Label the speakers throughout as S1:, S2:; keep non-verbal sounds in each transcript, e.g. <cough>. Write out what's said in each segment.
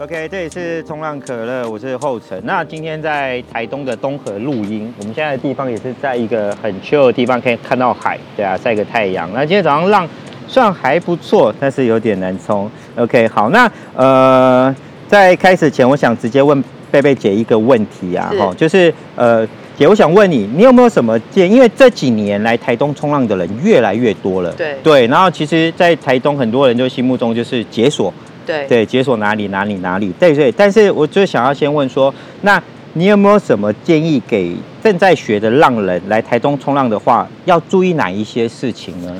S1: OK，這裡是衝浪可樂，我是後成。那今天在台東的東河錄音，我們現在的地方也是在一個很 chill 的地方，可以看到海，對啊，曬個太陽。那今天早上浪雖然還不錯，但是有點難衝。OK，好，那呃，在開始前，我想直接問貝貝姐一個問題啊，哈是，就是呃，姐，我想問你，你有沒有什麼見？因為這幾年來台東衝浪的人越來越多了，對對，然後其實，在台東很多人就心目中就是解鎖。對對，對解鎖哪裡哪裡哪裡，對對。但是我就想要先問說，那你有沒有什麼建議給正在學的浪人來台東衝浪的話，要注意哪一些事情呢？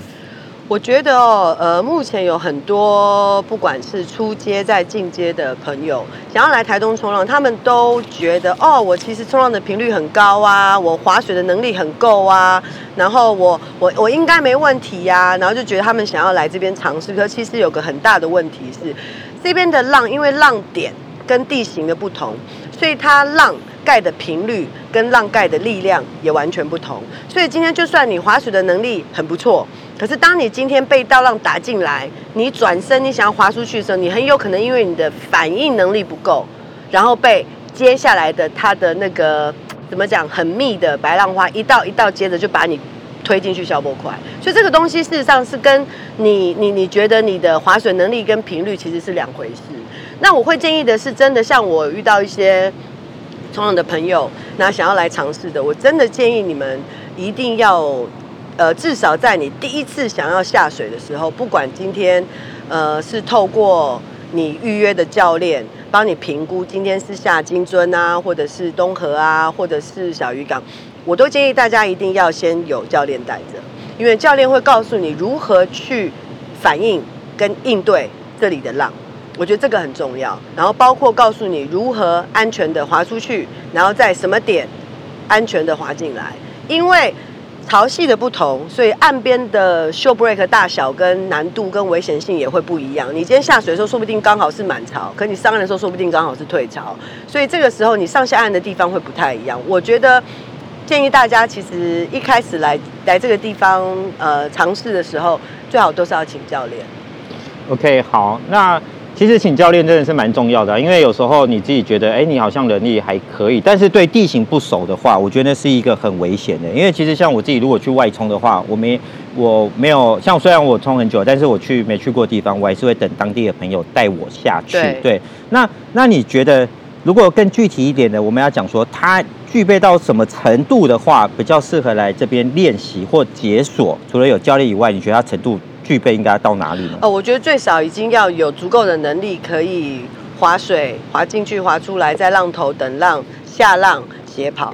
S2: 我覺得哦，呃，目前有很多不管是初階再進階的朋友想要來台東衝浪，他們都覺得哦，我其實衝浪的頻率很高啊，我划水的能力很夠啊，然後我我我應該沒問題呀、啊，然後就覺得他們想要來這邊嘗試，可是其實有個很大的問題是，這邊的浪，因為浪點跟地形的不同，所以它浪蓋的頻率跟浪蓋的力量也完全不同。所以今天就算你滑水的能力很不錯，可是當你今天被倒浪打進來，你轉身你想要滑出去的時候，你很有可能因為你的反應能力不夠，然後被接下來的它的那個怎麼講很密的白浪花一道一道接着就把你。推進去消波塊，所以這個東西事實上是跟你你你覺得你的划水能力跟頻率其實是兩回事。那我會建議的是，真的像我遇到一些衝浪的朋友，那想要來嘗試的，我真的建議你們一定要，呃，至少在你第一次想要下水的時候，不管今天呃是透過你預約的教練幫你評估，今天是下金樽啊，或者是東河啊，或者是小魚港。我都建議大家一定要先有教練帶着，因為教練會告訴你如何去反應跟應對這裡的浪，我覺得這個很重要。然後包括告訴你如何安全的滑出去，然後在什麼點安全的滑進來。因為潮汐的不同，所以岸邊的 shore break 大小跟難度跟危險性也會不一樣。你今天下水的時候，說不定剛好是滿潮，可你上岸的時候，說不定剛好是退潮。所以這個時候你上下岸的地方會不太一樣。我覺得。建議大家其實一開始來來這個地方呃嘗試的時候，最好都是要請教練。
S1: OK，好，那其實請教練真的是蠻重要的，因為有時候你自己覺得哎、欸，你好像能力還可以，但是對地形不熟的話，我覺得是一個很危險的。因為其實像我自己如果去外衝的話，我沒我沒有像雖然我衝很久，但是我去沒去過地方，我還是會等當地的朋友帶我下去。對，對，那那你覺得？如果更具體一點的，我們要講說它具備到什麼程度的話，比較適合來這邊練習或解鎖。除了有教練以外，你覺得他程度具備應該到哪裡呢？呃、
S2: 哦，我覺得最少已經要有足夠的能力，可以划水、劃進去、劃出來，在浪頭等浪、下浪、斜跑。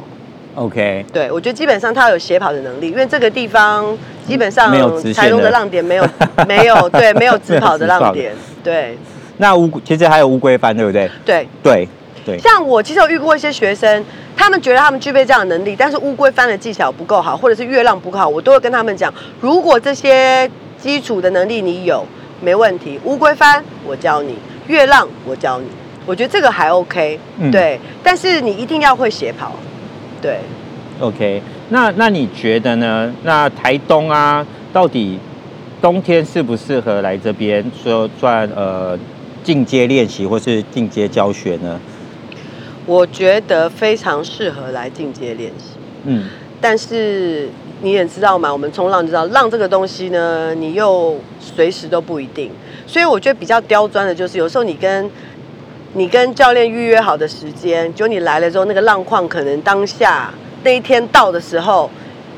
S1: OK。
S2: 對，我覺得基本上他有斜跑的能力，因為這個地方基本上沒有,沒有直線的浪點， <laughs> 沒有沒有對，沒有直跑的浪點。對。
S1: 那烏其實還有烏龜翻，對不對？對對。對對，
S2: 像我其實有遇過一些學生，他們覺得他們具備這樣的能力，但是烏龜翻的技巧不夠好，或者是月浪不夠好，我都會跟他們講，如果這些基礎的能力你有，沒問題，烏龜翻我教你，月浪我教你，我覺得這個還 OK，嗯，對，但是你一定要會斜跑，
S1: 對，OK，那那你覺得呢？那台東啊，到底冬天適不適合來這邊說轉呃進階練習或是進階教學呢？
S2: 我覺得非常適合來進階練習，嗯，但是你也知道嘛，我們衝浪知道浪這個東西呢，你又隨時都不一定，所以我覺得比較刁鑽的就是，有時候你跟，你跟教練預約好的時間，結果你來了之後，那個浪況可能當下那一天到的時候，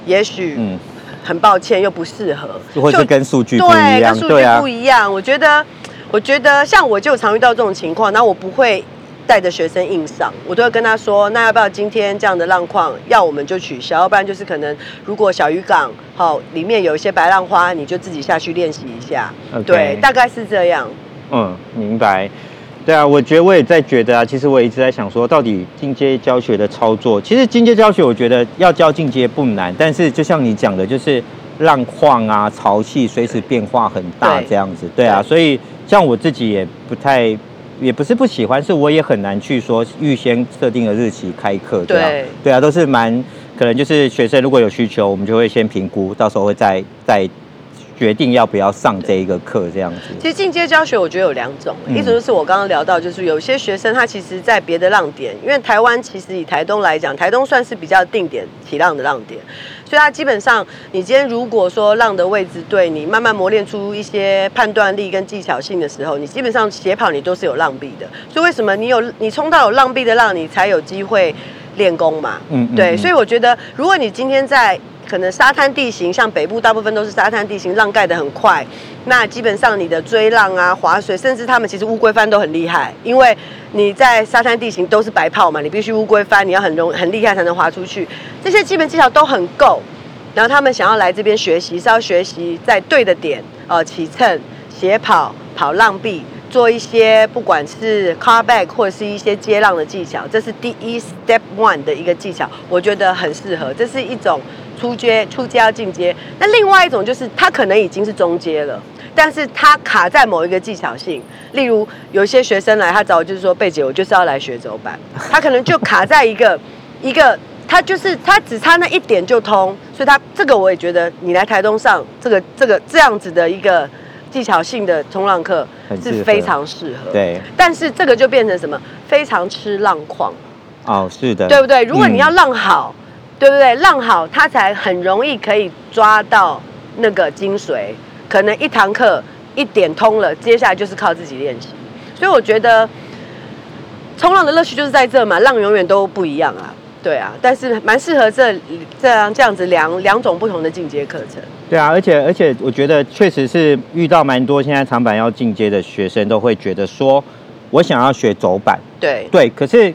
S2: 也許，嗯，很抱歉又不適合，嗯，就會
S1: 跟數據不一樣，對啊，跟數據不一
S2: 樣。啊，我覺得，我覺得像我就常遇到這種情況，那我不會。帶的學生硬上，我都會跟他說，那要不要今天這樣的浪況要我們就取消，要不然就是可能如果小魚港好、哦、裡面有一些白浪花，你就自己下去練習一下。Okay. 對，大概是這樣。
S1: 嗯，明白。對啊，我覺得我也在覺得啊，其實我一直在想說，到底進階教學的操作，其實進階教學我覺得要教進階不難，但是就像你講的，就是浪況啊、潮汐、隨時變化很大這樣子。對,對啊，所以像我自己也不太。也不是不喜歡，是我也很難去說預先設定的日期開課。對對啊，都是蠻可能就是學生如果有需求，我們就會先評估，到時候會再再決定要不要上這一個課對這樣子。
S2: 其實進階教學我覺得有兩種，一種就是我剛剛聊到，就是有些學生他其實在別的浪點，因為台灣其實以台東來講，台東算是比較定點起浪的浪點。所以它基本上，你今天如果說浪的位置對你慢慢磨練出一些判斷力跟技巧性的時候，你基本上斜跑你都是有浪壁的。所以為什麼你有你衝到有浪壁的浪，你才有機會練功嘛？嗯，對。所以我覺得，如果你今天在。可能沙灘地形像北部，大部分都是沙灘地形，浪蓋得很快。那基本上你的追浪啊、划水，甚至他們其實烏龜翻都很厲害，因為你在沙灘地形都是白泡嘛，你必須烏龜翻，你要很容很厲害才能划出去。這些基本技巧都很夠。然後他們想要來這邊學習，是要學習在對的點，呃，起乘、斜跑、跑浪壁，做一些不管是 car back 或者是一些接浪的技巧，這是第一 step one 的一個技巧，我覺得很適合。這是一種。初階、初階、要進階。那另外一種就是他可能已經是中階了，但是他卡在某一個技巧性，例如有些學生來，他找我就是說貝姐，我就是要來學走板，他可能就卡在一個 <laughs> 一個，他就是他只差那一點就通，所以他這個我也覺得你來台東上這個這個這樣子的一個技巧性的衝浪課是非常適合、合，對，但是這個就變成什麼非常吃浪況，
S1: 哦，是的，對不對？嗯、如果你要浪
S2: 好。對不對？浪好，他才很容易可以抓到那個精髓。可能一堂課一點通了，接下來就是靠自己練習。所以我覺得衝浪的樂趣就是在這嘛，浪永遠都不一樣啊。對啊，但是蠻適合這這樣這樣子兩兩種不同的進階課程。
S1: 對啊，而且而且我覺得確實是遇到蠻多現在長板要進階的學生都會覺得說，我想要學走板。對對，可是。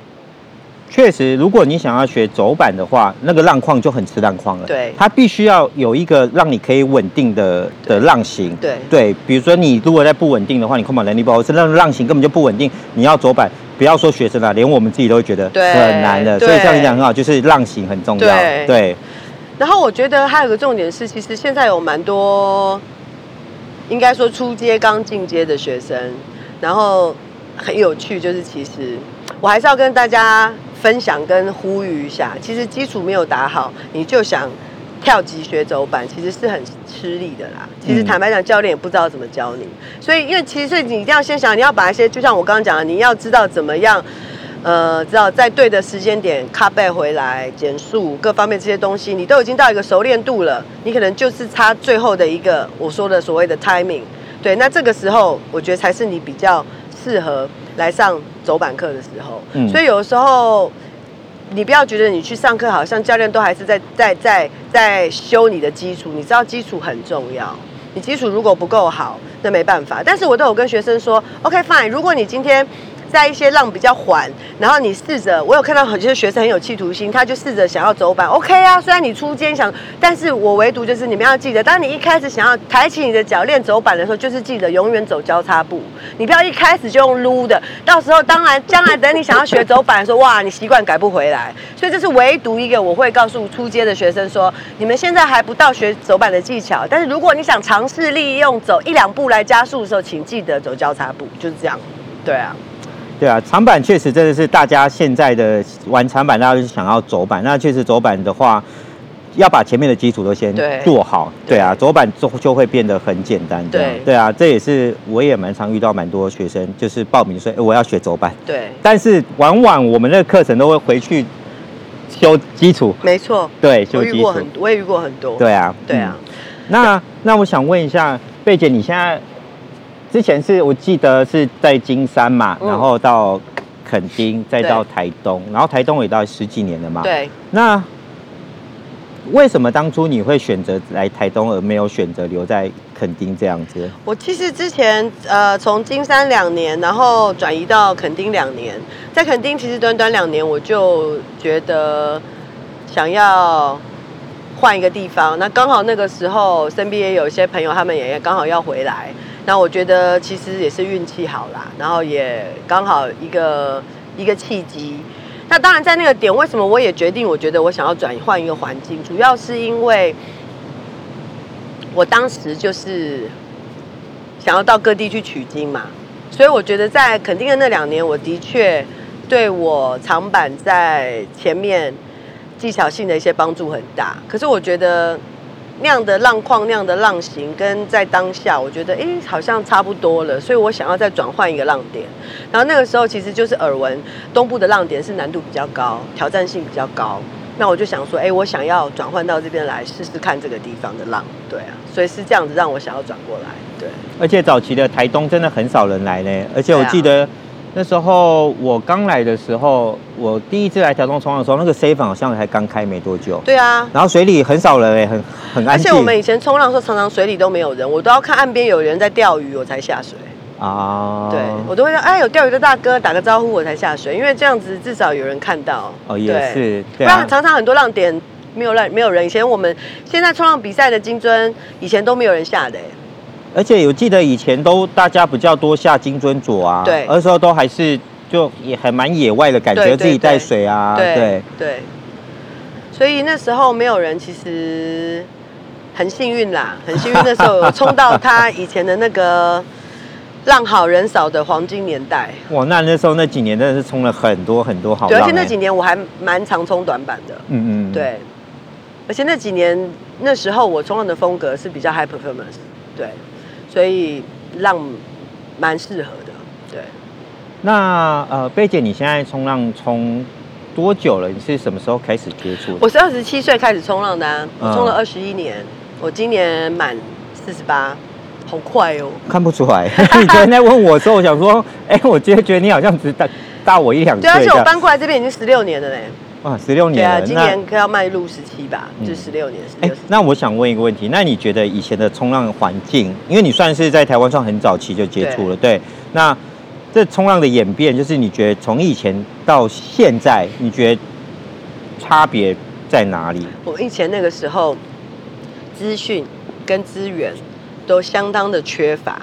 S1: 確實，如果你想要學走板的話，那個浪況就很吃浪況了。對，它必須要有一個讓你可以穩定的的浪型。對對，對，比如說你如果在不穩定的話，你控板能力不好，是那個、浪型根本就不穩定，你要走板，不要說學生啦、啊，連我們自己都會覺得很難的。對所以像你講很好，對就是浪型很重要。對。對，
S2: 然後我覺得還有個重點是，其實現在有蠻多，應該說初階剛進階的學生，然後很有趣就是其實。我還是要跟大家分享跟呼籲一下，其實基礎沒有打好，你就想跳級學走板，其實是很吃力的啦。其實坦白講，教練也不知道怎麼教你。嗯、所以，因為其實你一定要先想，你要把一些，就像我剛剛講的，你要知道怎麼樣，呃，知道在對的時間點 cut back 回來、減速各方面這些東西，你都已經到一個熟練度了，你可能就是差最後的一個我說的所謂的 timing。對，那這個時候，我覺得才是你比較適合。來上走板課的時候，嗯、所以有時候你不要覺得你去上課，好像教練都還是在在在在，在修你的基礎。你知道基礎很重要，你基礎如果不夠好，那沒辦法。但是我都有跟學生說，OK fine，如果你今天。在一些浪比較緩，然後你試着，我有看到很多學生很有企圖心，他就試着想要走板。OK 啊，雖然你初階想，但是我唯獨就是你們要記得，當你一開始想要抬起你的腳練走板的時候，就是記得永遠走交叉步，你不要一開始就用擼的。到時候當然將來等你想要學走板的時候，哇，你習慣改不回來。所以這是唯獨一個我會告訴初階的學生說：你們現在還不到學走板的技巧，但是如果你想嘗試利用走一兩步來加速的時候，請記得走交叉步，就是這樣。對啊。
S1: 對啊，長板確實真的是大家現在的玩長板，大家就是想要走板。那確實走板的話，要把前面的基礎都先做好。對，對啊，走板就就會變得很簡單。對啊，對，對啊，這也是我也蠻常遇到蠻多學生，就是報名說我要學走板。對，但是往往我們的課程都會回去修基礎。沒錯，對，修基礎我。我也遇過很多。對啊，對啊。嗯、對啊，那對那我想問一下貝姐，你現在？之前是我記得是在金山嘛，嗯、然後到墾丁，再到台東，對然後台東也到十幾年了嘛。對，那為什麼當初你會選擇來台東，而沒有選擇留在墾丁這樣子？
S2: 我其實之前呃，從金山兩年，然後轉移到墾丁兩年，在墾丁其實短短兩年，我就覺得想要換一個地方。那剛好那個時候身邊也有一些朋友，他們也也剛好要回來。那我覺得其實也是運氣好啦，然後也剛好一個一個契機。那當然在那個點，為什麼我也決定？我覺得我想要轉換一個環境，主要是因為我當時就是想要到各地去取經嘛。所以我覺得在墾丁的那兩年，我的確對我長板在前面技巧性的一些幫助很大。可是我覺得。那樣的浪況、那樣的浪型，跟在當下，我覺得哎、欸，好像差不多了，所以我想要再轉換一個浪點。然後那個時候，其實就是耳聞東部的浪點是難度比較高、挑戰性比較高，那我就想說，哎、欸，我想要轉換到這邊來試試看這個地方的浪，對啊，所以是這樣子讓我想要轉過來，對。
S1: 而且早期的台東真的很少人來呢，而且我記得、啊。那時候我剛來的時候，我第一次來台東衝浪的時候，那個 C 粉，好像才剛開沒多久。對啊。然後水裡很少人哎，很很安靜。而且我們以
S2: 前衝浪的時候，常常水裡都沒有人，我都要看岸邊有人在釣魚我才下水。
S1: 啊。對，我都
S2: 會說哎，有釣魚的大哥打個招呼我才下水，因為這樣子至少有人看到。哦，也是。不然常常很多浪點沒有浪、沒有人。以前我們現在衝浪比賽的金樽，以前都沒有人下的。
S1: 而且我記得以前都大家比較多下金尊左啊，對，那時候都還是就也還蠻野外的感覺，對對對，自己帶水啊，對，對，
S2: 對。所以那時候沒有人，其實很幸運啦，很幸運 <laughs> 那時候有衝到他以前的那個浪好人少的黃金年代。
S1: 哇，那那時候那幾年真的是衝了很多很多好浪，欸，對。而且那幾
S2: 年我還蠻常衝短板的，嗯嗯，對。而且那幾年那時候我衝浪的風格是比較 high performance，對。所以浪蠻適合的，對。
S1: 那呃，貝姐，你現在衝浪衝多久了？你是什麼時候開始接觸的？啊。我是
S2: 二十七歲開始衝浪的，衝了二十一年。呃、我今年滿四十八，好快哦，
S1: 看不出來。你昨天在問我的時候，想說，哎、 <laughs> 欸，我今天覺得你好像只大大我一兩歲。對啊，而且我搬
S2: 過來這邊已經十六年了嘞。
S1: 哇，十六年了，對啊，那今年
S2: 可要邁入十七吧？嗯，就十六年，
S1: 十六年。欸，那我想問一個問題，那你覺得以前的衝浪環境，因為你算是在台灣算很早期就接觸了，對，對？那這衝浪的演變，就是你覺得從以前到現在，你覺得差別在哪裡？
S2: 我以前那個時候，資訊跟資源都相當的缺乏。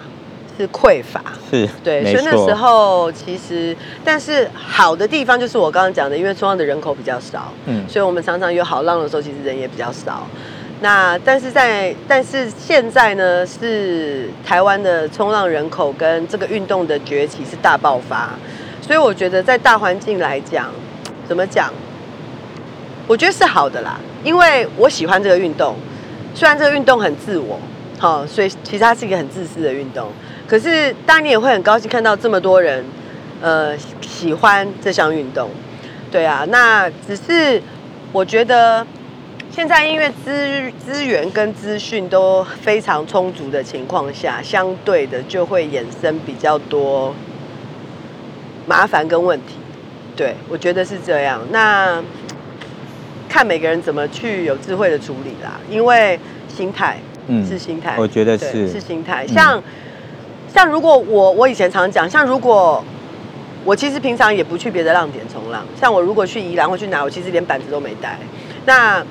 S2: 是匱乏，
S1: 是對，沒錯。所以那時
S2: 候其實，但是好的地方就是我剛剛講的，因為衝浪的人口比較少，嗯，所以我們常常有好浪的時候，其實人也比較少。那但是在但是現在呢，是台灣的衝浪人口跟這個運動的崛起是大爆發，所以我覺得在大環境來講，怎麼講？我覺得是好的啦，因為我喜歡這個運動，雖然這個運動很自我，好、哦，所以其實它是一個很自私的運動。可是，當然你也會很高興看到這麼多人，呃，喜歡這項運動，對啊。那只是我覺得，現在因為資資源跟資訊都非常充足的情況下，相對的就會衍生比較多麻煩跟問題。對，我覺得是這樣。那看每個人怎麼去有智慧的處理啦，因為心態，嗯，是心態，是，是心態，我覺得是是心態，像。像如果我我以前常講，像如果我其實平常也不去別的浪點衝浪，像我如果去宜蘭或去哪，我其實連板子都沒帶。那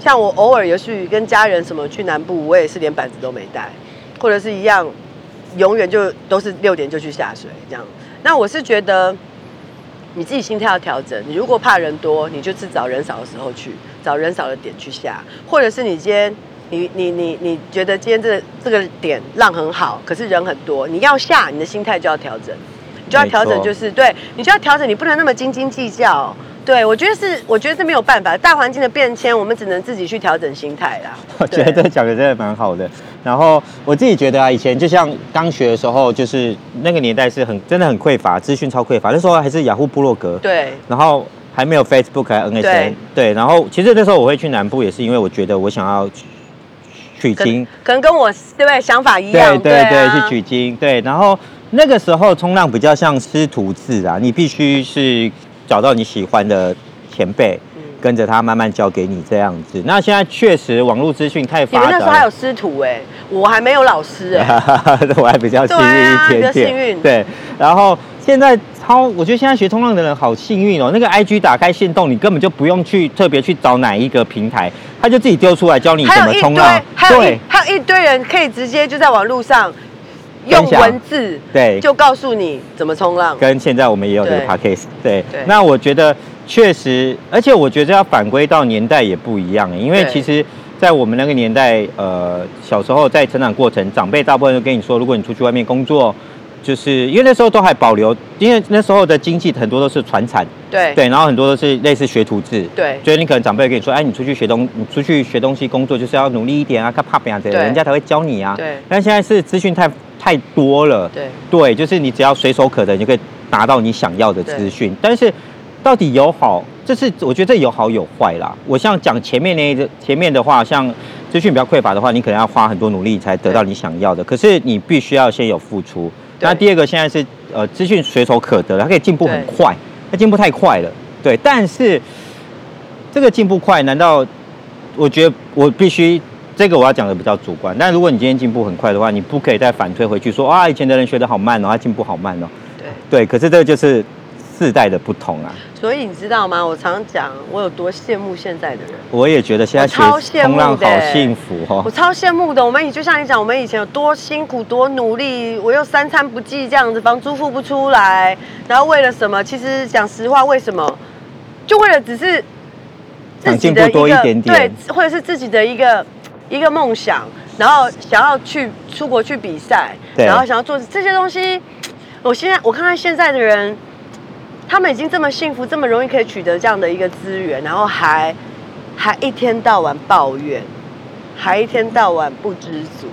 S2: 像我偶爾有去跟家人什麼去南部，我也是連板子都沒帶，或者是一樣，永遠就都是六點就去下水這樣。那我是覺得你自己心態要調整，你如果怕人多，你就自找人少的時候去，找人少的點去下，或者是你今天。你你你你覺得今天這個這個點浪很好，可是人很多，你要下，你的心態就要調整，你就要調整，就是沒錯。對，你就要調整，你不能那麼斤斤計較。對，我覺得是，我覺得是沒有辦法，大環境的變遷，我們只能自己去調整心態啦。
S1: 我覺得這個講的真的蠻好的。然後我自己覺得啊，以前就像剛學的時候，就是那個年代是很真的很匱乏，資訊超匱乏，那時候還是雅虎部落格，對，然後還沒有 Facebook、MSN，對，對，然後其實那時候我會去南部，也是因為我覺得我想要。取經可
S2: 能，可能跟我對不對想法一樣，對對對，去、啊、取
S1: 經對。然後那個時候衝浪比較像師徒制啊，你必須是找到你喜歡的前輩，嗯、跟着他慢慢教給你這樣子。那現在確實網絡資訊太發達，因為那時候還有
S2: 師徒哎，我還沒有老師哎，
S1: 對啊、 <laughs> 我還比較幸運一點點、啊。天對，然後現在。好，我覺得現在學衝浪的人好幸運哦。那個 IG 打開限動，你根本就不用去特別去找哪一個平台，他就自己丟出來教你怎麼衝浪。對，
S2: 還有一堆人可以直接就在網路上用文字，對，就告訴你怎麼衝浪。
S1: 跟現在我們也有這個 podcast，對。那我覺得確實，而且我覺得要反歸到年代也不一樣，因為其實在我們那個年代，呃，小時候在成長過程，長輩大部分都跟你說，如果你出去外面工作。就是因為那時候都還保留，因為那時候的經濟很多都是傳產，對對，然後很多都是類似學徒制，對，所以你可能長輩跟你說，哎，你出去學東西，你出去學東西工作就是要努力一點啊，看怕呀。對」要這樣，人家才會教你啊，對。但現在是資訊太太多了，對對，就是你只要隨手可得你就可以拿到你想要的資訊，對但是到底有好，這是我覺得這有好有壞啦。我像講前面那前面的話，像資訊比較匱乏的話，你可能要花很多努力才得到你想要的，對可是你必須要先有付出。那第二個現在是呃，資訊隨手可得，它可以進步很快，對它進步太快了，對。但是這個進步快，難道我覺得我必須這個我要講的比較主觀。但如果你今天進步很快的話，你不可以再反推回去說啊，以前的人學得好慢哦，他進步好慢哦，對對。可是這個就是。世代的不同啊，
S2: 所以你知道嗎？我常常講，我有多羨慕現在的人。
S1: 我也覺得現在超羨慕的，好幸福哦，我超
S2: 羨慕的。我們以就像你講，我們以前有多辛苦，多努力，我又三餐不繼這樣子，房租付不出來，然後為了什麼？其實講實話，為什麼？就為了只是
S1: 自己不多一點點，對，
S2: 或者是自己的一個一個夢想，然後想要去出國去比賽，對然後想要做這些東西。我現在我看看現在的人。他們已經這麼幸福，這麼容易可以取得這樣的一個資源，然後還還一天到晚抱怨，還一天到晚不知足，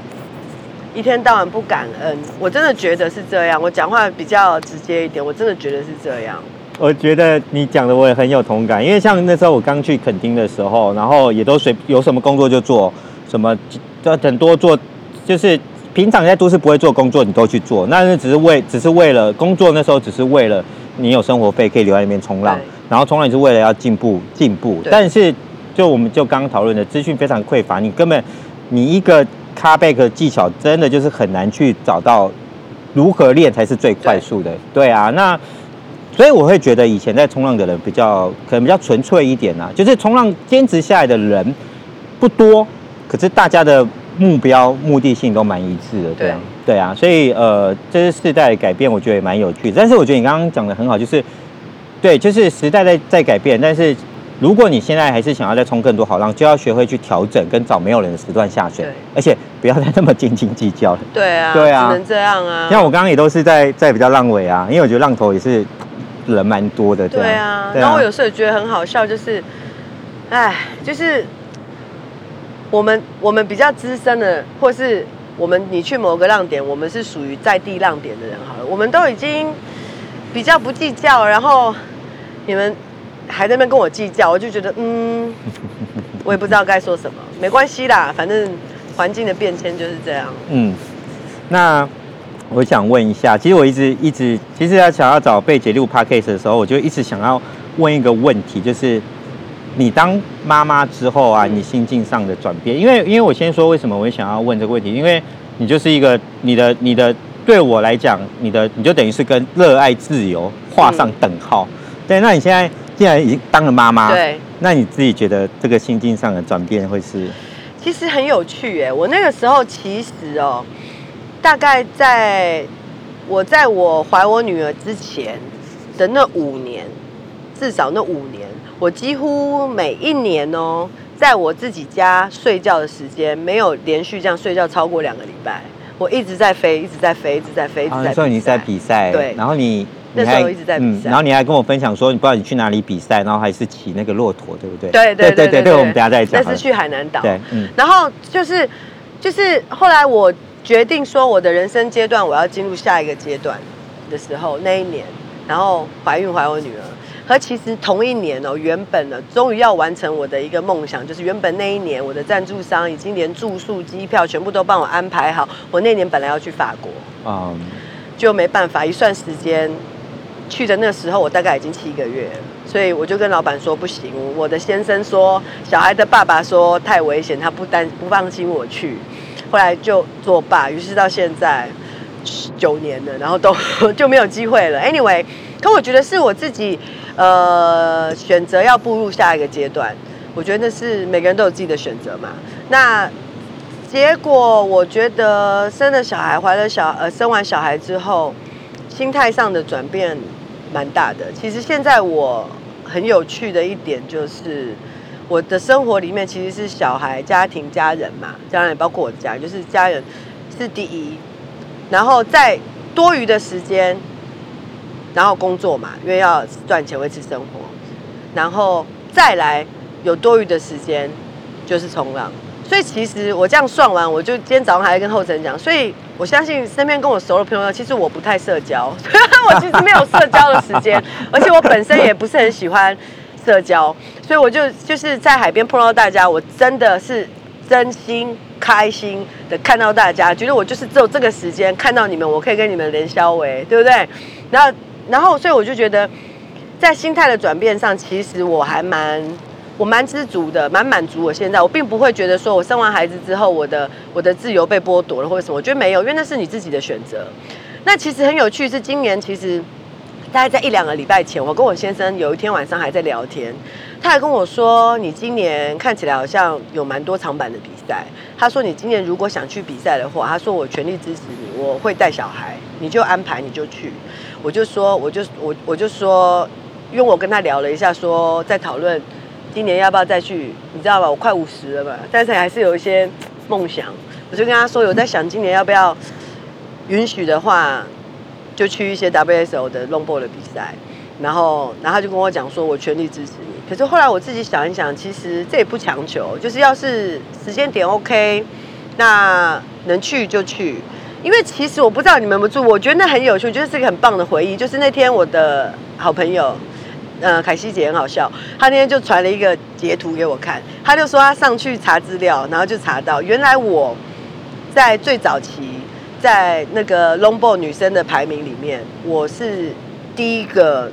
S2: 一天到晚不感恩。我真的覺得是這樣。我講話比較直接一點，我真的覺得是這樣。
S1: 我覺得你講的我也很有同感，因為像那時候我剛去墾丁的時候，然後也都隨有什麼工作就做什麼，就很多做就是平常在都市不會做工作，你都去做。那那只是為只是為了工作，那時候只是為了。你有生活費可以留在那邊衝浪，對然後衝浪也是為了要進步進步。對但是就我們就剛剛討論的資訊非常匱乏，你根本你一個卡貝克技巧真的就是很難去找到如何練才是最快速的。對，對啊，那所以我會覺得以前在衝浪的人比較可能比較純粹一點啊，就是衝浪堅持下來的人不多，可是大家的目標目的性都蠻一致的對，對啊。對啊，所以呃，這、就是世代的改變，我覺得也蠻有趣的。但是我覺得你剛剛講的很好，就是，對，就是時代在在改變。但是如果你現在還是想要再衝更多好浪，就要學會去調整，跟找沒有人的時段下水，對而且不要再那麼斤斤計較。對啊，對啊，只能這樣啊。像我剛剛也都是在在比較浪尾啊，因為我覺得浪頭也是人蠻多的。對啊，對啊，然後我有
S2: 時候也覺得很好笑，就是，哎，就是我們我們比較資深的或是。我們你去某個浪點，我們是屬於在地浪點的人好了，我們都已經比較不計較，然後你們還在那邊跟我計較，我就覺得嗯，我也不知道該說什麼，沒關係啦，反正環境的變遷就是這樣。嗯，
S1: 那我想問一下，其實我一直一直其實要想要找貝貝姐錄 Podcast 的時候，我就一直想要問一個問題，就是。你當媽媽之後啊，你心境上的轉變，嗯、因為因為我先說為什麼我想要問這個問題，因為你就是一個你的你的對我來講，你的你就等於是跟熱愛自由畫上等號。嗯、對，那你現在既然已經當了媽媽，對，那你自己覺得這個心境上的轉變會是？
S2: 其實很有趣誒、欸，我那個時候其實哦、喔，大概在我在我懷我女兒之前的那五年，至少那五年。我幾乎每一年哦，在我自己家睡覺的時間，沒有連續這樣睡覺超過兩個禮拜。我一直在飛，一直在飛，一直在飛。那時候你
S1: 在比賽，對。然後你那時候一直在比賽，然後你還跟我分享說，你不知道你去哪裡比賽，然後還是騎那個駱駝，對不對？對對對對，這我們等下再講。但是去海南島，對。嗯，
S2: 然後就是就是後來我決定說，我的人生階段我要進入下一個階段的時候，那一年，然後懷孕懷我女兒。和其實同一年哦，原本呢，終於要完成我的一個夢想，就是原本那一年，我的贊助商已經連住宿、機票全部都幫我安排好。我那年本來要去法國，啊，um. 就沒辦法，一算時間，去的那時候我大概已經七個月，所以我就跟老闆說不行。我的先生說，小孩的爸爸說太危險，他不擔不放心我去，後來就作罷。於是到現在九年了，然後都 <laughs> 就沒有機會了。Anyway，可我覺得是我自己。呃，選擇要步入下一個階段，我覺得是每個人都有自己的選擇嘛。那結果，我覺得生了小孩、懷了小呃、生完小孩之後，心態上的轉變蠻大的。其實，現在我很有趣的一點就是，我的生活裡面其實是小孩、家庭、家人嘛，當然也包括我的家，就是家人是第一，然後在多餘的時間。然後工作嘛，因為要賺錢維持生活，然後再來有多餘的時間就是衝浪。所以其實我這樣算完，我就今天早上還在跟後成講。所以我相信身邊跟我熟的朋友，其實我不太社交，呵呵，我其實沒有社交的時間， <laughs> 而且我本身也不是很喜歡社交，所以我就就是在海邊碰到大家，我真的是真心開心的看到大家，覺得我就是只有這個時間看到你們，我可以跟你們連消維，對不對？然後。然後，所以我就覺得，在心態的轉變上，其實我還蠻我蠻知足的，蠻滿足。我現在我並不會覺得說，我生完孩子之後，我的我的自由被剝奪了，或者什麼？我覺得沒有，因為那是你自己的選擇。那其實很有趣，是今年其實大概在一兩個禮拜前，我跟我先生有一天晚上還在聊天，他還跟我說：“你今年看起來好像有蠻多長板的比賽。”他說：“你今年如果想去比賽的話，他說我全力支持你，我會帶小孩，你就安排你就去。”我就說，我就我我就說，因為我跟他聊了一下說，說在討論今年要不要再去，你知道吧？我快五十了嘛，但是還是有一些夢想。我就跟他說，有在想今年要不要允許的話，就去一些 WSO 的 Longboard 的比賽。然後，然後他就跟我講說，我全力支持你。可是後來我自己想一想，其實這也不強求，就是要是時間點 OK，那能去就去。因為其實我不知道你們有沒有注意，我覺得那很有趣，我覺得是一個很棒的回憶。就是那天我的好朋友，呃，凱西姐很好笑，她那天就傳了一個截圖給我看，她就說她上去查資料，然後就查到原來我在最早期在那個 longboard 女生的排名裡面，我是第一個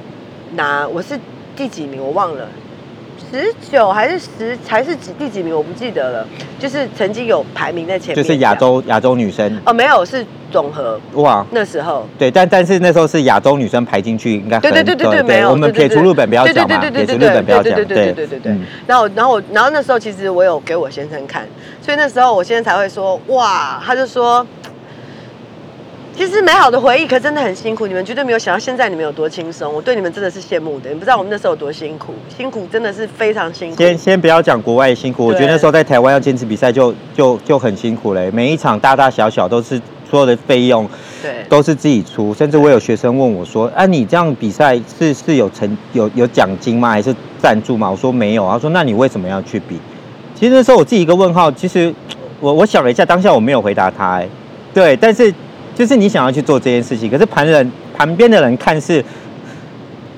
S2: 拿，我是第幾名我忘了。十九還是十還是第第幾名？我不記得了。就是曾經有排名在前面，就是
S1: 亞洲亞洲女生
S2: 哦，沒有是總和哇。那時候
S1: 對，但但是那時候是亞洲女生排進去，應該，對對對對對，沒有，我們撇除日本對對對，不要講嘛，撇除日本不要講，對對對對對。對對
S2: 對對對，然後我然後我然後那時候其實我有給我先生看，所以那時候我先生才會說哇，他就說。其實美好的回憶，可真的很辛苦。你們絕對沒有想到，現在你們有多輕鬆。我對你們真的是羨慕的。你不知道我們那時候有多辛苦，辛苦真的是非常辛苦。先
S1: 先不要講國外的辛苦，對我覺得那時候在台灣要堅持比賽就，就就就很辛苦嘞、欸。每一場大大小小都是所有的費用，對，都是自己出。甚至我有學生問我說：“哎對，啊、你這樣比賽是是有成有有獎金嗎？還是贊助嗎？”我說沒有。他說：“那你為什麼要去比？”其實那時候我自己一個問號。其實我我想了一下，當下我沒有回答他、欸。對，但是。就是你想要去做這件事情，可是旁人旁邊的人看是，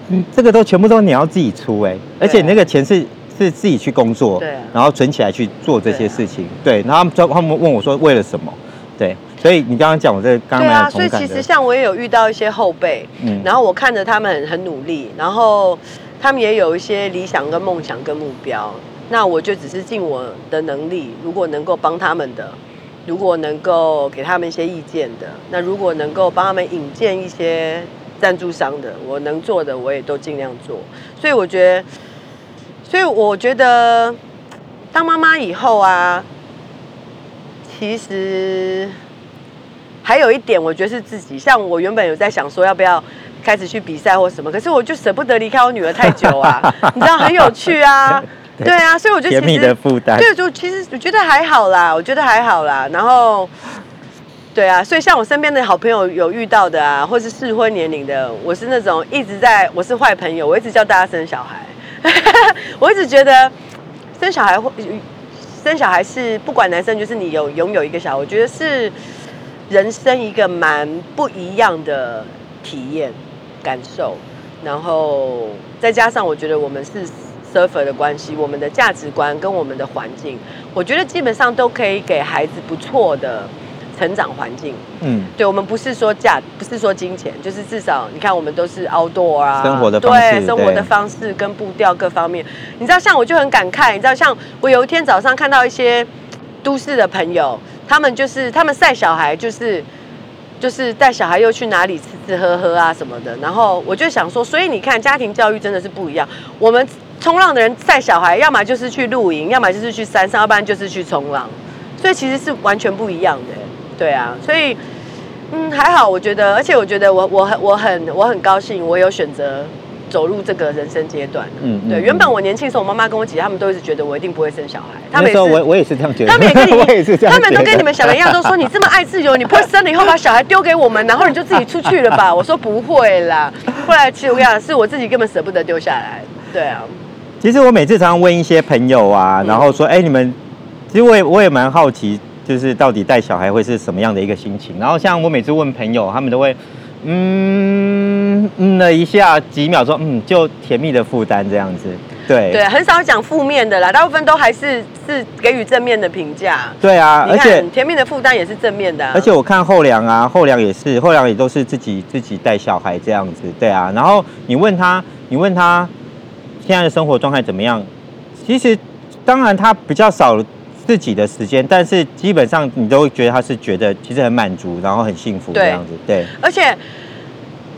S1: 嗯，這個都全部都你要自己出哎，欸，啊、而且那個錢是是自己去工作，對、啊，然後存起來去做這些事情，對、啊、對。然後他們問我說為了什麼？對，所以你剛剛講我在剛剛蠻有同感的對、啊。所以其實
S2: 像我也有遇到一些後輩，嗯，然後我看着他們很很努力，然後他們也有一些理想跟夢想跟目標，那我就只是盡我的能力，如果能夠幫他們的。如果能夠給他們一些意見的，那如果能夠幫他們引薦一些贊助商的，我能做的我也都盡量做。所以我覺得，所以我覺得當媽媽以後啊，其實還有一點，我覺得是自己。像我原本有在想說，要不要開始去比賽或什麼，可是我就捨不得離開我女兒太久
S1: 啊， <laughs> 你知道很有趣啊。 <laughs> 對，對啊，
S2: 所以我覺得其實甜蜜的負擔。對，就其實我覺得還好啦，我覺得還好啦。然後，對啊，所以像我身邊的好朋友有遇到的啊，或是適婚年齡的，我是那種一直在，我是壞朋友，我一直叫大家生小孩。 <laughs> 我一直覺得生小孩或生小孩是不管男生，就是你有擁有一個小孩，我覺得是人生一個蠻不一樣的體驗感受。然後再加上，我覺得我們是。Surfer 的關係，我們的價值觀跟我們的環境，我覺得基本上都可以給孩子不錯的成長環境。嗯，對我們不是說價，不是說金錢，就是至少你看，我們都是 outdoor 啊，生活的方式，對，生活的方式跟步調各方面。對你知道，像我就很感慨，你知道，像我有一天早上看到一些都市的朋友，他們就是他們曬小孩，就是就是帶小孩又去哪裡吃吃喝喝啊什麼的。然後我就想說，所以你看，家庭教育真的是不一樣。我們。衝浪的人帶小孩，要麼就是去露營，要麼就是去山上，要不然就是去衝浪，所以其實是完全不一樣的，對啊，所以嗯還好，我覺得，而且我覺得我我很我很我很高興，我有選擇走入這個人生階段，嗯，對，原本我年輕時候，我媽媽跟我姐姐，他們都一直覺得我一定不會生小孩，他、嗯、們說我
S1: 我也是這樣覺得，他們也跟，我也是這樣，他們都跟你們想的一樣說，都 <laughs> 說你
S2: 這麼愛自由，你不會生了以後把小孩丟給我們，然後你就自己出去了吧？ <laughs> 我說不會啦，後來其實我跟你講，是我自己根本捨不得丟下來，對啊。
S1: 其實我每次常常問一些朋友啊，嗯、然後說，哎，你們，其實我也我也蠻好奇，就是到底帶小孩會是什麼樣的一個心情。然後像我每次問朋友，他們都會嗯嗯了一下幾秒鐘，說嗯，就甜蜜的負擔這樣子。對對、啊，很少
S2: 講負面的啦，大部分都還是是給予正面的評價。對啊，看而且甜蜜的負擔也是正面的、啊。而且
S1: 我看後梁啊，後梁也是，後梁也都是自己自己帶小孩這樣子。對啊，然後你問他，你問他。現在的生活狀態怎麼樣？其實，當然他比較少自己的時間，但是基本上你都會覺得他是覺得其實很滿足，然後很幸福這樣子。對，對
S2: 而，而且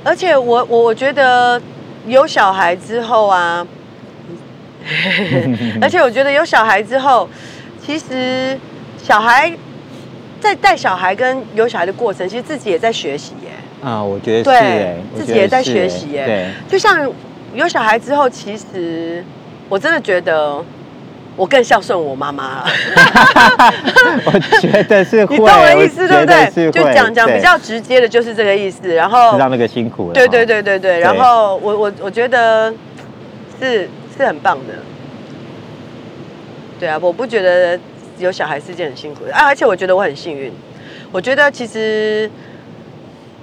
S2: 而且我我我覺得有小孩之後啊，
S1: <laughs> 而
S2: 且我覺得有小孩之後，其實小孩在帶小孩跟有小孩的過程，其實自己也在學習耶。
S1: 啊，我覺得是耶對，我覺得是耶自己也在學習耶，耶對
S2: 就像。有小孩之後，其實我真的覺得我更孝順我媽媽了
S1: <laughs> <laughs> 我覺得是， <laughs> 你懂我的意思對不對？就講講比較
S2: 直接的，就是這個意思。然後讓那
S1: 個辛苦了，對對對對對。對然後
S2: 我我我覺得是是很棒的。對啊，我不覺得有小孩是件很辛苦的啊，而且我覺得我很幸運。我覺得其實。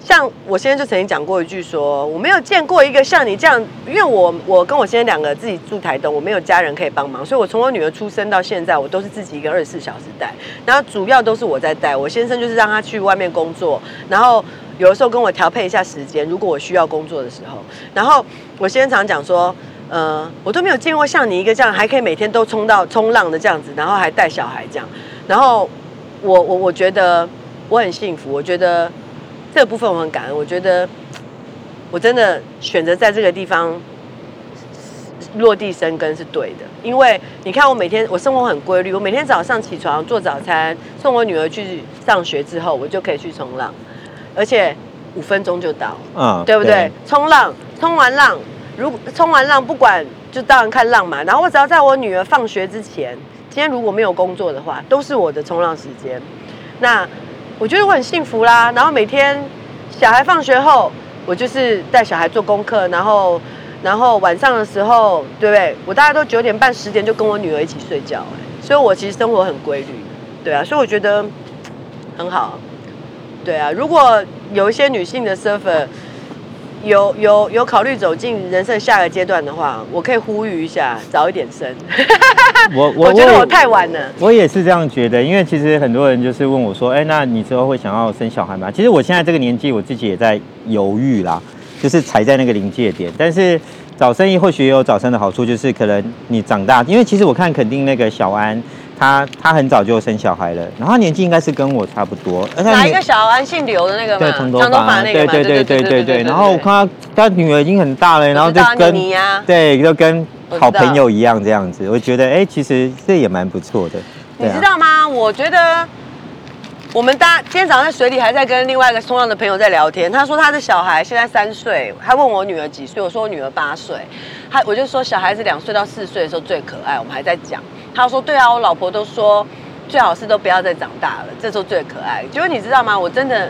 S2: 像我先生就曾經講過一句說，我沒有見過一個像你這樣，因為我我跟我先生兩個自己住台東，我沒有家人可以幫忙，所以我從我女兒出生到現在，我都是自己一個二十四小時帶，然後主要都是我在帶，我先生就是讓他去外面工作，然後有的時候跟我調配一下時間，如果我需要工作的時候，然後我先生常常講說，呃，我都沒有見過像你一個這樣還可以每天都衝到衝浪的這樣子，然後還帶小孩這樣，然後我我我覺得我很幸福，我覺得。這個部分我很感恩，我覺得我真的選擇在這個地方落地生根是對的，因為你看，我每天我生活很規律，我每天早上起床做早餐，送我女兒去上學之後，我就可以去衝浪，而且五分鐘就到，嗯、啊，對不對？對。衝浪衝完浪，如果衝完浪不管就當然看浪嘛，然後我只要在我女兒放學之前，今天如果沒有工作的話，都是我的衝浪時間，那。我覺得我很幸福啦，然後每天小孩放學後，我就是帶小孩做功課，然後，然後晚上的時候，對不對？我大概都九點半、十點就跟我女兒一起睡覺，欸，哎，所以，我其實生活很規律，對啊，所以我覺得很好，對啊。如果有一些女性的 surfer。有有有考慮走進人生下個階段的話，我可以呼籲一下，早一點生。
S1: <laughs> 我我，我覺得我太晚了我。我也是這樣覺得，因為其實很多人就是問我說，哎、欸，那你之後會想要生小孩嗎？其實我現在這個年紀，我自己也在猶豫啦，就是踩在那個臨界點。但是早生意，或許也有早生的好處，就是可能你長大，因為其實我看肯定那個小安。他他很早就生小孩了，然後他年紀應該是跟我差不多，而他一個
S2: 小孩姓劉的那個嘛，對，啊、江東那個，對對對對對然後我看
S1: 他，他女兒已經很大了，然後就跟你、啊、對，就跟好朋友一樣這樣子，我，我覺得哎、欸，其實這也蠻不錯的。啊、你知
S2: 道嗎？我覺得我們大今天早上在水裡還在跟另外一個衝浪的朋友在聊天，他說他的小孩現在三歲，他問我女兒幾歲，我說我女兒八歲，他我就說小孩子兩歲到四歲的時候最可愛，我們還在講。他說：“對啊，我老婆都說，最好是都不要再長大了，這時候最可愛。結果你知道嗎？我真的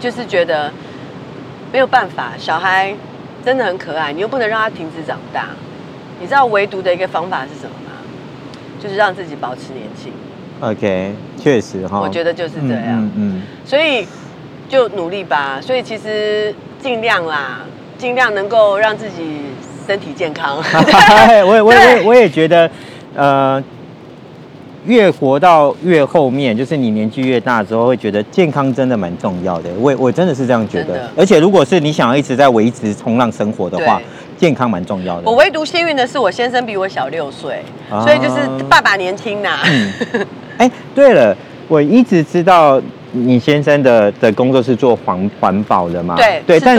S2: 就是覺得沒有辦法，小孩真的很可愛，你又不能讓他停止長大。你知道唯獨的一個方法是什麼嗎？就是讓自己保持年輕。
S1: OK，確實哈，我覺得就是這樣。嗯嗯，嗯
S2: 嗯，所以就努力吧。所以其實盡量啦，盡量能夠讓自己身體健康。
S1: 我也我也我也覺得。”呃，越活到越後面，就是你年紀越大之後，會覺得健康真的蠻重要的。我我真的是這樣覺得，的而且如果是你想要一直在維持衝浪生活的話，對健康蠻重要的。我
S2: 唯獨幸運的是，我先生比我小六歲，啊、所以就是爸爸年輕吶。哎
S1: <laughs> 嗯欸，對了，我一直知道你先生的的工作是做環環保的嘛？對對，對是但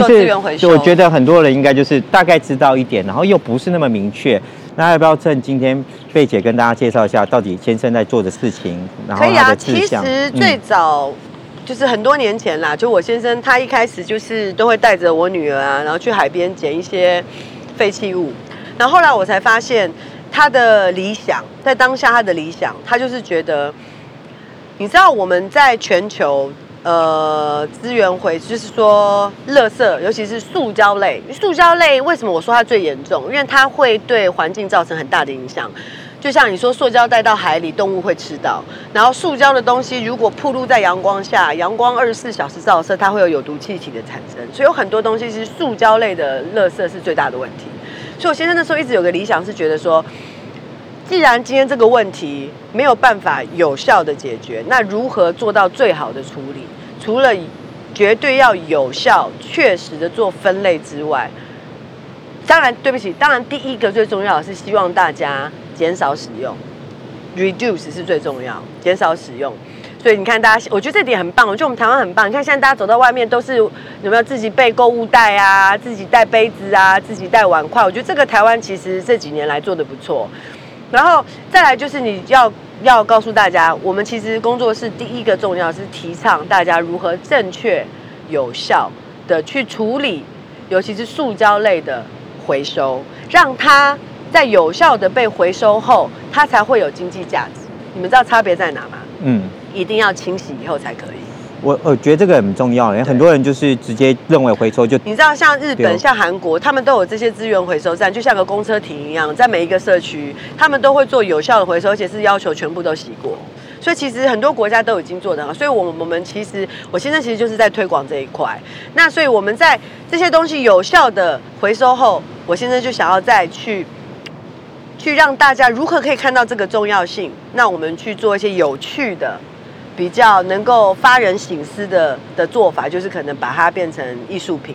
S1: 是我覺得很多人應該就是大概知道一點，然後又不是那麼明確。那要不要趁今天？貝姐跟大家介紹一下，到底先生在做的事情，然後他的志向。可以啊，其實最
S2: 早、嗯、就是很多年前啦，就我先生他一開始就是都會帶着我女兒啊，然後去海邊撿一些廢棄物。然後後來我才發現，他的理想在當下，他的理想，他就是覺得，你知道我們在全球呃資源回，就是說，垃圾，尤其是塑膠類，塑膠類為什麼我說它最嚴重？因為它會對環境造成很大的影響。就像你說，塑膠袋到海裡，動物會吃到；然後塑膠的東西如果曝露在陽光下，陽光二十四小時照射，它會有有毒氣體的產生。所以，有很多東西是塑膠類的垃圾是最大的問題。所以我先生那時候一直有個理想，是覺得說，既然今天這個問題沒有辦法有效的解決，那如何做到最好的處理？除了絕對要有效、確實的做分類之外，當然對不起，當然第一個最重要的是希望大家。減少使用，Reduce 是最重要。減少使用，所以你看，大家，我覺得這點很棒。我覺得我們台灣很棒。你看，現在大家走到外面都是有沒有自己備購物袋啊，自己帶杯子啊，自己帶碗筷。我覺得這個台灣其實這幾年來做得不錯。然後再來就是你要要告訴大家，我們其實工作室第一個重要是提倡大家如何正確有效的去處理，尤其是塑膠類的回收，讓它。在有效的被回收後，它才會有經濟價值。你們知道差別在哪嗎？嗯，一定要清洗以後才可以。
S1: 我我覺得這個很重要，因為對很多人就是直接認為回收就你
S2: 知道，像日本、對像韓國，他們都有這些資源回收站，就像個公車亭一樣，在每一個社區，他們都會做有效的回收，而且是要求全部都洗過。所以其實很多國家都已經做得很好。所以我們，我我們其實我先生其實就是在推廣這一塊。那所以我們在這些東西有效的回收後，我先生就想要再去。去讓大家如何可以看到這個重要性？那我們去做一些有趣的、比較能夠發人省思的的做法，就是可能把它變成藝術品。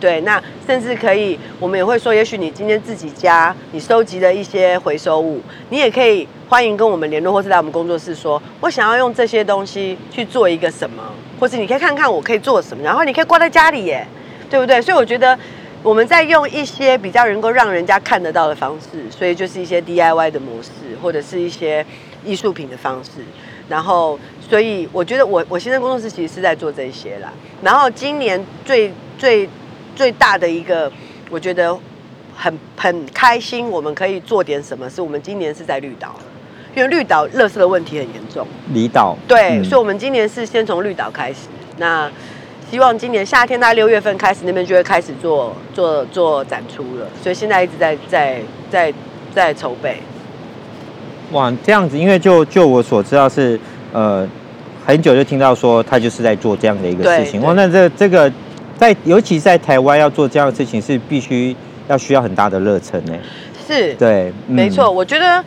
S2: 對，那甚至可以，我們也會說，也許你今天自己家你收集的一些回收物，你也可以歡迎跟我們聯絡，或是來我們工作室說，我想要用這些東西去做一個什麼，或是你可以看看我可以做什麼，然後你可以掛在家裡耶，對不對？所以我覺得。我們在用一些比較能夠讓人家看得到的方式，所以就是一些 DIY 的模式，或者是一些藝術品的方式。然後，所以我覺得我我先生工作室其實是在做這些啦。然後今年最最最大的一個，我覺得很很開心，我們可以做點什麼。是我們今年是在綠島，因為綠島垃圾的問題很嚴重。
S1: 離島對，嗯、所
S2: 以我們今年是先從綠島開始。那希望今年夏天，大概六月份開始，那邊就會開始做做做展出了。所以現在一直在在在在籌備。
S1: 哇，這樣子，因為就就我所知道是，呃，很久就聽到說他就是在做這樣的一個事情。哇，那這個、這個在尤其在台灣要做這樣的事情，是必須要需要很大的熱忱呢。是，對，嗯、沒錯。
S2: 我覺得，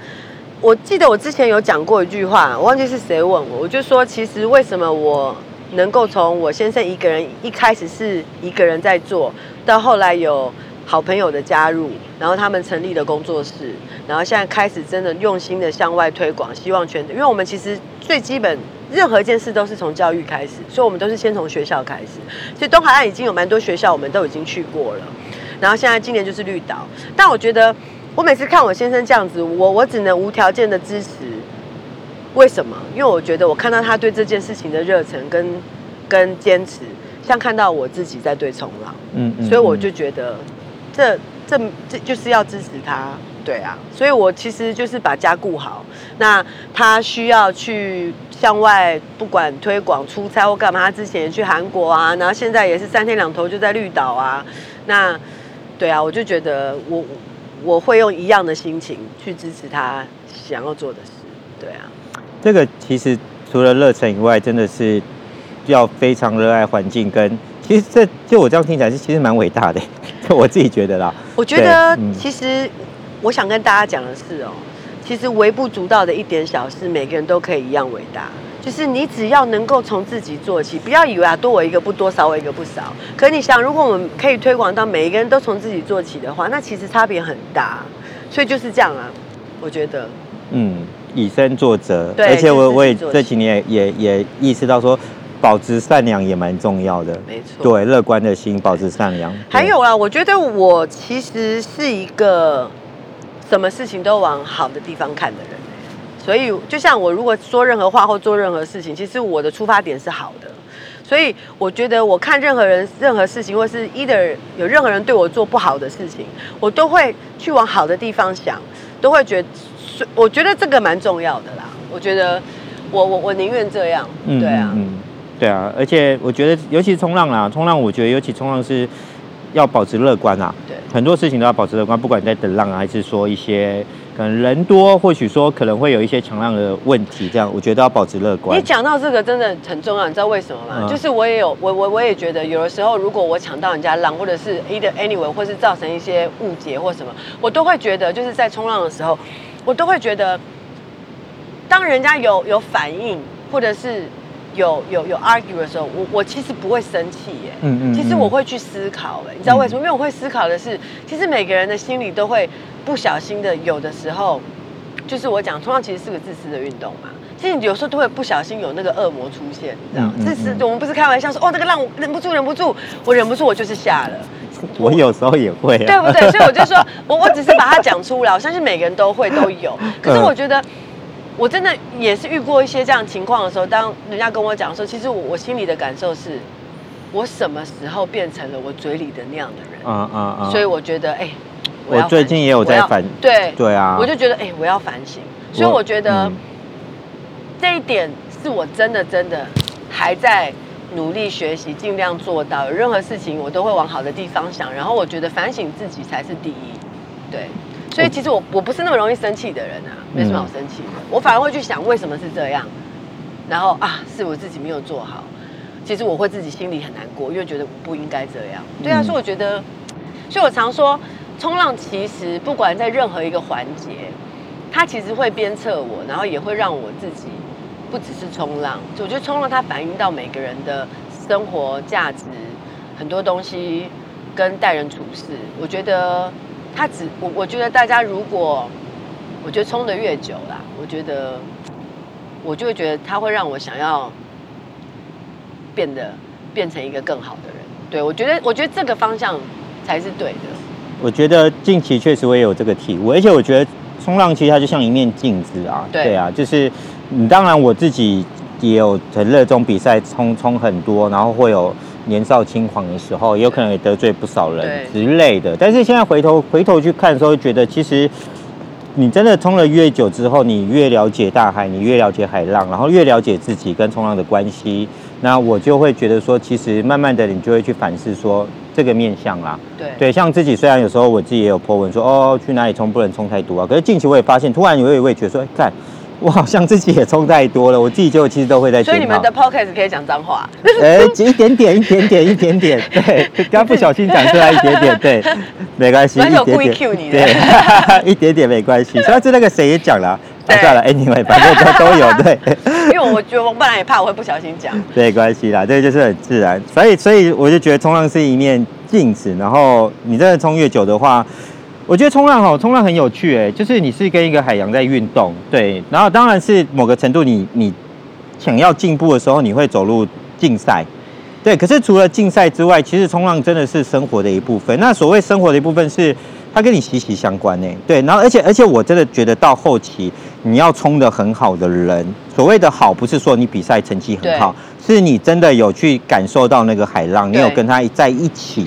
S2: 我記得我之前有講過一句話，我忘記是誰問我，我就說，其實為什麼我。能夠從我先生一個人，一開始是一個人在做，到後來有好朋友的加入，然後他們成立了工作室，然後現在開始真的用心的向外推廣，希望全的，因為我們其實最基本任何一件事都是從教育開始，所以我們都是先從學校開始。所以東海岸已經有蠻多學校，我們都已經去過了。然後現在今年就是綠島，但我覺得我每次看我先生這樣子，我我只能無條件的支持。為什麼？因為我覺得我看到他對這件事情的熱忱跟，跟堅持，像看到我自己在對衝浪。嗯，嗯，嗯，所以我就覺得，這這這就是要支持他，對啊，所以我其實就是把家顧好。那他需要去向外，不管推廣、出差或幹嘛，他之前也去韓國啊，然後現在也是三天兩頭就在綠島啊，那對啊，我就覺得我我會用一樣的心情去支持他想要做的事，對啊。
S1: 這個其實除了熱忱以外，真的是要非常熱愛環境跟，跟其實，這就我這樣聽起來是其實蠻偉大的，我自己覺得啦。我覺得
S2: 其實我想跟大家講的是哦，其實微不足道的一點小事，每個人都可以一樣偉大。就是你只要能夠從自己做起，不要以為啊，多我一個不多，少我一個不少。可你想，如果我們可以推廣到每一個人都從自己做起的話，那其實差別很大。所以就是這樣啊，我覺得，嗯。
S1: 以身作則，對而且我我也這幾年也也，也意識到說，保持善良也蠻重要的，沒錯，對，樂觀的心，保持善良。對
S2: 還有啊，我覺得我其實是一個什麼事情都往好的地方看的人，所以就像我如果說任何話或做任何事情，其實我的出發點是好的，所以我覺得我看任何人、任何事情，或是 either 有任何人對我做不好的事情，我都會去往好的地方想，都會覺得。我覺得這個蠻重要的啦。我覺得我，我我我寧願這樣。
S1: 嗯，對啊，嗯，對啊。而且我覺得，尤其是衝浪啦，衝浪我覺得，尤其衝浪是要保持樂觀啊。對，很多事情都要保持樂觀，不管在等浪啊，還是說一些可能人多，或許說可能會有一些搶浪的問題，這樣我覺得要保持樂觀。你
S2: 講到這個真的很重要，你知道為什麼嗎？嗯，就是我也有，我我我也覺得，有的時候如果我搶到人家浪，或者是 either anyway，或是造成一些誤解或什麼，我都會覺得就是在衝浪的時候。我都會覺得，當人家有有反應，或者是有有有 argue 的時候，我我其實不會生氣耶。嗯，嗯嗯。其實我會去思考，哎，你知道為什麼？嗯、因為我會思考的是，其實每個人的心裡都會不小心的，有的時候，就是我講，衝浪其實是個自私的運動嘛。其實有時候都會不小心有那個惡魔出現，這樣。自私、嗯嗯嗯，我們不是開玩笑說，哦，那個讓我忍不住，忍不住，我忍不住，我就是下了。
S1: 我有時候也會，對不對？所以我
S2: 就說，我我只是把它講出來，我相信每個人都會都有。可是我覺得，我真的也是遇過一些這樣情況的時候，當人家跟我講的時候，其實我我心裡的感受是，我什麼時候變成了我嘴裡的那樣的人？嗯
S1: 嗯。嗯嗯，所以我覺得，哎、欸，我，我最近也有在反，對對啊，我就
S2: 覺得，哎、欸，我要反省。所以我覺得，嗯、這一點是我真的真的還在。努力學習，盡量做到，任何事情我都會往好的地方想。然後我覺得反省自己才是第一，對。所以其實我我不是那麼容易生氣的人啊，沒什麼好生氣的。嗯、我反而會去想為什麼是這樣，然後啊是我自己沒有做好。其實我會自己心裡很難過，因為覺得我不應該這樣。對啊，嗯、所以我覺得，所以我常說，衝浪其實不管在任何一個環節，它其實會鞭策我，然後也會讓我自己。不只是衝浪，我覺得衝浪它反映到每個人的生活價值，很多東西跟待人處事。我覺得它只我，我覺得大家如果我覺得衝得越久啦，我覺得我就會覺得它會讓我想要變得變成一個更好的人。對我覺得，我覺得這個方向才是對的。
S1: 我覺得近期確實我也有這個體悟，而且我覺得衝浪其實它就像一面鏡子啊，對，對啊，就是。你當然我自己也有很熱衷比賽衝衝很多，然後會有年少輕狂的時候，也有可能也得罪不少人之類的。對但是現在回頭回頭去看的時候，覺得其實你真的衝了越久之後，你越了解大海，你越了解海浪，然後越了解自己跟衝浪的關係。那我就會覺得說，其實慢慢的你就會去反思說這個面向啦。對對，像自己雖然有時候我自己也有 PO 文說，哦去哪裡衝不能衝太多啊？可是近期我也發現，突然有一位覺得說，哎、看。我好像自己也衝太多了，我自己就其實都會在充所以你們的
S2: Podcast 可以講髒
S1: 話？哎、欸，一點點，一點點，一點點，對，剛不小心講出來一點點，對，
S2: 沒關係，一點點，對哈哈，
S1: 一點點沒關係。所以是那個誰也講了對、啊，算了，哎，你們反正都都有，對。因為我覺得
S2: 我本來也怕我會不小心講。
S1: 沒關係啦，這個就是很自然，所以所以我就覺得衝浪是一面鏡子，然後你真的衝越久的話。我覺得衝浪好、哦，衝浪很有趣哎，就是你是跟一個海洋在運動，對，然後當然是某個程度你你想要進步的時候，你會走入競賽，對。可是除了競賽之外，其實衝浪真的是生活的一部分。那所謂生活的一部分是它跟你息息相關哎，對。然後而且而且我真的覺得到後期你要衝得很好的人，所謂的好不是說你比賽成績很好，對是你真的有去感受到那個海浪，你有跟他在一起，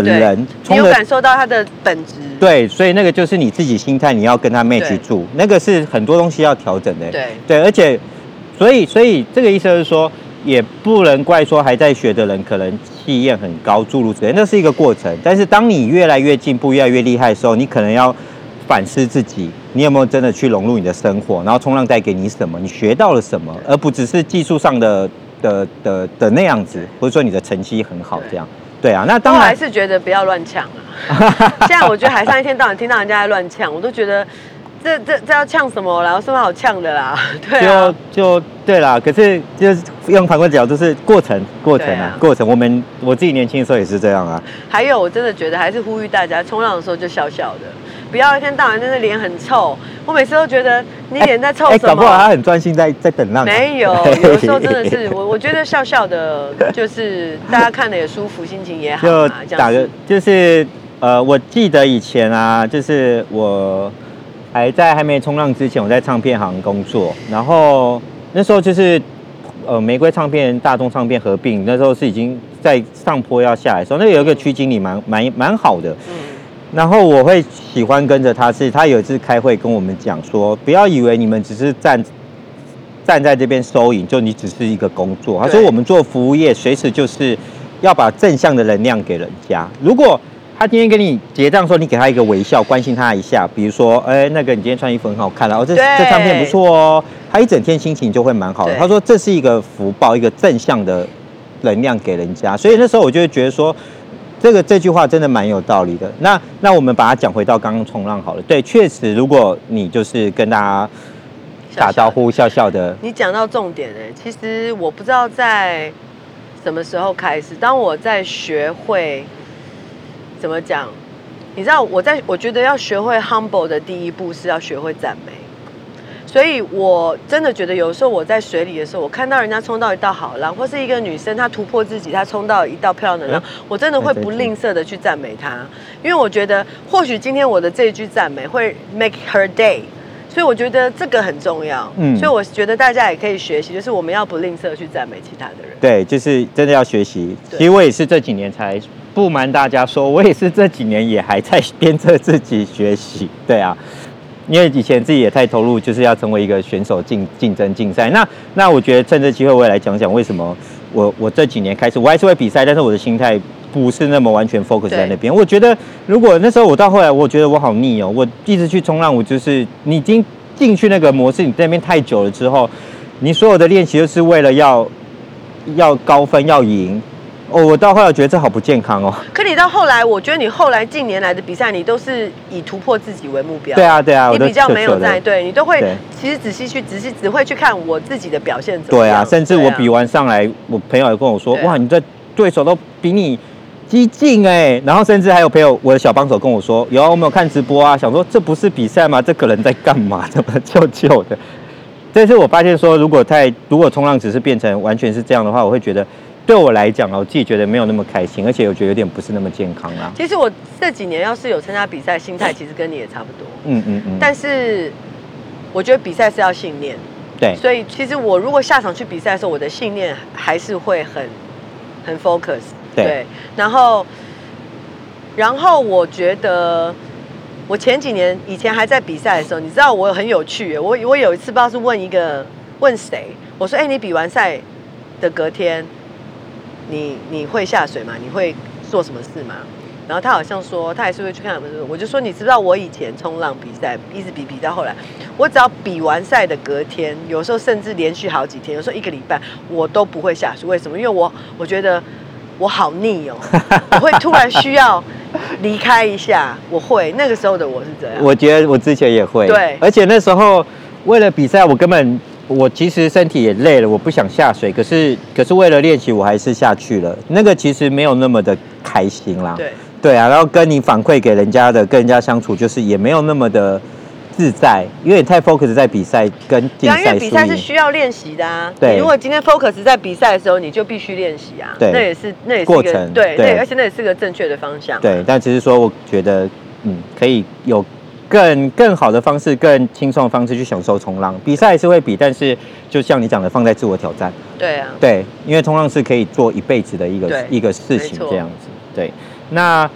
S1: 的人，對著你有感受到
S2: 他的本質？
S1: 對，所以那個就是你自己心態，你要跟他 match< 對>住，那個是很多東西要調整的。對，對，而且，所以，所以這個意思是說，也不能怪說還在學的人，可能氣焰很高，注入資源，那是一個過程。但是，當你越來越進步，越來越厲害的時候，你可能要反思自己，你有沒有真的去融入你的生活，然後衝浪帶給你什麼，你學到了什麼，對而不只是技術上的的的的，的那樣子，或者說你的成績很好這樣。對啊，那當然還
S2: 是覺得不要亂嗆啊。 <laughs> 現在我覺得海上一天到晚聽到人家在亂嗆，我都覺得這這這要嗆什麼？然後是不是好嗆的啦？對、啊、就
S1: 就對啦。可是就是用反觀角度，是過程過程啊，啊過程。我們我自己年輕的時候也是這樣啊。
S2: 還有，我真的覺得還是呼籲大家衝浪的時候就笑笑的。不要一天到晚真的臉很臭，我每次都覺得你臉在臭什麼？哎、欸欸，搞不好他很
S1: 專心在在等浪。沒有，有的時候真的是
S2: 我我覺得笑笑的，就是 <laughs> 大家看的也舒服，心情也好嘛、啊。就這樣打個
S1: 就是呃，我記得以前啊，就是我還在還沒衝浪之前，我在唱片行工作，然後那時候就是呃玫瑰唱片、大眾唱片合併，那時候是已經在上坡要下來的時候，那有一個區經理蠻蠻蠻好的。嗯然後我會喜歡跟着他是，是他有一次開會跟我們講說，不要以為你們只是站站在這邊收銀，就你只是一個工作。對他說我們做服務業，隨時就是要把正向的能量給人家。如果他今天跟你結賬說，你給他一個微笑，關心他一下，比如說，哎、欸，那個你今天穿衣服很好看哦，這對這唱片不錯哦，他一整天心情就會蠻好的。對他說這是一個福報，一個正向的能量給人家。所以那時候我就會覺得說。這個這句話真的蠻有道理的。那那我們把它講回到剛剛衝浪好了。對，確實，如果你就是跟大家打招呼笑笑的，笑笑的，
S2: 你講到重點哎、欸。其實我不知道在什麼時候開始，當我在學會怎麼講，你知道我在，我覺得要學會 humble 的第一步是要學會讚美。所以，我真的覺得，有時候我在水裡的時候，我看到人家衝到一道好浪，或是一個女生她突破自己，她衝到一道漂亮浪，嗯，我真的會不吝嗇的去讚美她，因為我覺得，或許今天我的這一句讚美會 make her day，所以我覺得這個很重要。嗯，所以我覺得大家也可以學習，就是我們要不吝嗇去讚美其他的
S1: 人。對，就是真的要學習。其實我也是這幾年才，不瞞大家說，我也是這幾年也還在鞭策自己學習。對啊。因為以前自己也太投入，就是要成為一個選手競，競競爭、競賽。那那我覺得趁這機會，我也來講講為什麼我我這幾年開始，我還是會比賽，但是我的心態不是那麼完全 focus 在那邊。對我覺得如果那時候我到後來，我覺得我好膩哦，我第一次去衝浪，我就是你已經進去那個模式，你在那邊太久了之後，你所有的練習都是為了要要高分，要贏。哦，我到後來覺得這好不健康哦。
S2: 可你到後來，我覺得你後來近年來的比賽，你都是以突破自己為目標。對啊，對啊，我都你比較沒有在，就對，對,對你都會其實仔細去，仔細只會去看我自己的表現怎麼樣。對啊，甚至我比
S1: 完上來，啊、我朋友也跟我說：“對哇，你這對手都比你激進哎。”然後甚至還有朋友，我的小幫手跟我說：“有，我沒有看直播啊，想說這不是比賽嗎？這個人在幹嘛？怎 <laughs> 麼救救的？”但是我發現說，如果太如果衝浪只是變成完全是這樣的話，我會覺得。對我來講，我自己覺得沒有那麼開心，而且我覺得有點不是那麼健康啊。
S2: 其實我這幾年要是有參加比賽，心態其實跟你也差不多。嗯嗯嗯。但是我覺得比賽是要信念。對。所以其實我如果下場去比賽的時候，我的信念還是會很很 focus。對。對，然後然後我覺得我前幾年以前還在比賽的時候，你知道我很有趣，我我有一次不知道是問一個問誰，我說：“哎，你比完賽的隔天。”你你會下水嗎？你會做什麼事嗎？然後他好像說，他還是會去看。我就說，你知不知道我以前衝浪比賽一直比比到後來，我只要比完賽的隔天，有時候甚至連續好幾天，有時候一個禮拜我都不會下水。為什麼？因為我我覺得我好膩哦， <laughs> 我會突然需要離開一下。我會那個時候的我是怎樣？
S1: 我覺得我之前也會對，而且那時候為了比賽，我根本。我其實身體也累了，我不想下水，可是可是為了練習，我還是下去了。那個其實沒有那麼的開心啦。對對啊，然後跟你反饋給人家的，跟人家相處就是也沒有那麼的自在，因為太 focus 在比賽跟競賽。對。因為比賽是需
S2: 要練習的。啊。對，如果今天 focus 在比賽的時候，你就必須練習啊。對，那，那也是那也是個過程。對對，而且那也是個正確的方向啊。對，
S1: 但其實說我覺得嗯可以有。更更好的方式，更輕鬆的方式去享受衝浪比賽，也是會比，但是就像你講的，放在自我挑戰。對啊。對，因為衝浪是可以做一輩子的一個對一個事情，錯這樣子。對。那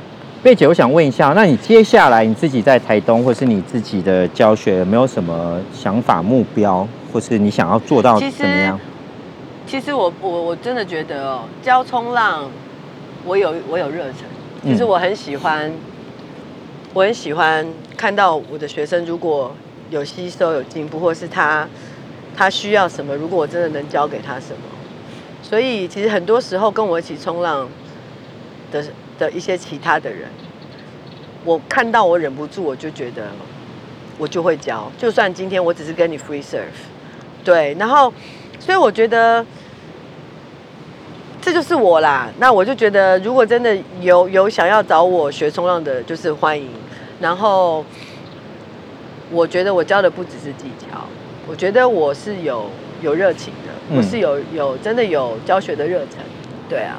S1: 貝姐，我想問一下，那你接下來你自己在台東，或是你自己的教學，有沒有什麼想法、目標，或是你想要做到怎麼樣？其實，
S2: 其實我我我真的覺得哦，教衝浪，我有我有熱忱，其實我很喜歡。我很喜歡看到我的學生如果有吸收有進步，或是他他需要什麼，如果我真的能教給他什麼，所以其實很多時候跟我一起衝浪的的一些其他的人，我看到我忍不住我就覺得我就會教，就算今天我只是跟你 free surf 對，然後所以我覺得這就是我啦。那我就覺得如果真的有有想要找我學衝浪的，就是歡迎。然後，我覺得我教的不只是技巧，我覺得我是有有熱情的，嗯、我是有有真的有教學的熱忱，對啊。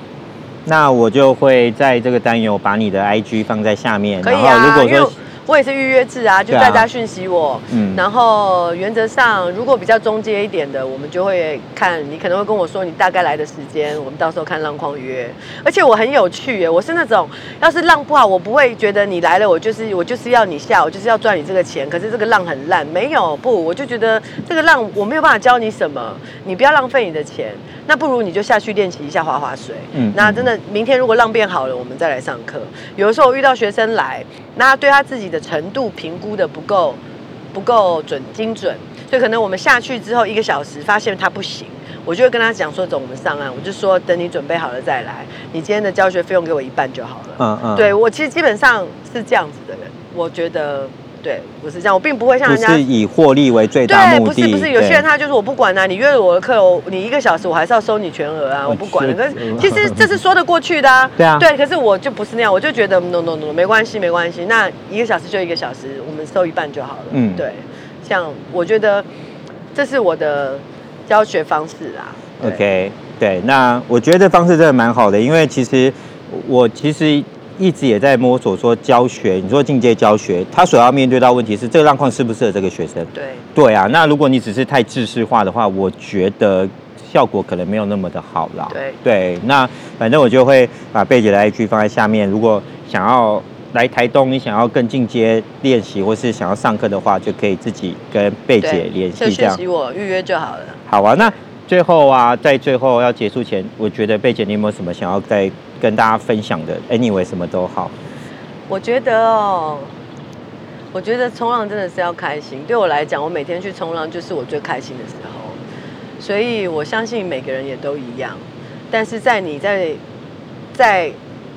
S1: 那我就會在這個單元把你的 IG 放在下面，啊、然後如果說。
S2: 我也是預約制啊，就大家訊息我，啊、嗯，然後原則上如果比較中階一點的，我們就會看你可能會跟我說你大概來的時間，我們到時候看浪況約。而且我很有趣耶，我是那種要是浪不好，我不會覺得你來了，我就是我就是要你下，我就是要賺你這個錢。可是這個浪很爛，沒有不，我就覺得這個浪我沒有辦法教你什麼，你不要浪費你的錢，那不如你就下去練習一下滑滑水。嗯、嗯，那真的明天如果浪變好了，我們再來上課。有的時候我遇到學生來。那他對他自己的程度評估的不夠，不夠準，精準，所以可能我們下去之後一個小時，發現他不行，我就會跟他講說：“走，我們上岸。”我就說：“等你準備好了再來，你今天的教學費用給我一半就好
S1: 了。”嗯嗯，對
S2: 我其實基本上是這樣子的人，我覺得。對，我是這樣，我並不會像人家是以
S1: 獲利為最大目的。對不是不是，有些人他
S2: 就是我不管啊，對你約了我的課，你一個小時我還是要收你全額啊，我，去我不管。可是其實這是說得過去的啊。對啊。對，可是我就不是那樣，我就覺得 no, no no no，沒關係沒關係，那一個小時就一個小時，我們收一半就好了。嗯，對。像我覺得這是我的教學方式啊。對
S1: OK，對，那我覺得這方式真的蠻好的，因為其實我其實。一直也在摸索說教學，你說進階教學，他所要面對到問題是這個浪況適不適合這個學生？對對啊，那如果你只是太制式化的話，我覺得效果可能沒有那麼的好啦。對對，那反正我就會把貝姐的 IG 放在下面，如果想要來台東，你想要更進階練習或是想要上課的話，就可以自己跟貝姐聯繫這樣。就
S2: 學習我預約就好
S1: 了。好啊，那最後啊，在最後要結束前，我覺得貝姐你有沒有什麼想要再？跟大家分享的，anyway，什麼都好。
S2: 我覺得哦，我覺得衝浪真的是要開心。對我來講，我每天去衝浪就是我最開心的時候。所以我相信每個人也都一樣。但是在你在在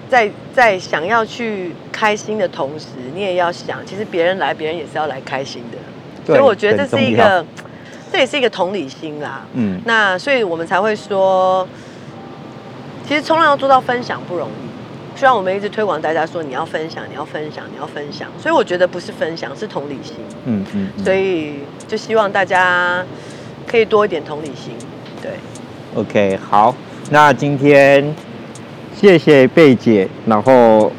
S2: 在在想要去開心的同時，你也要想，其實別人來，別人也是要來開心的。
S1: 對所以我覺得這是一個，
S2: 這也是一個同理心啦。嗯，那所以我們才會說。其實，衝浪要做到分享不容易。雖然我們一直推廣大家說，你要，你要分享，你要分享，你要分享，所以我覺得不是分享，是同理心。嗯嗯，嗯嗯，所以就希望大家可以多一點同理心。對
S1: ，OK，好，那今天謝謝貝姐，然後。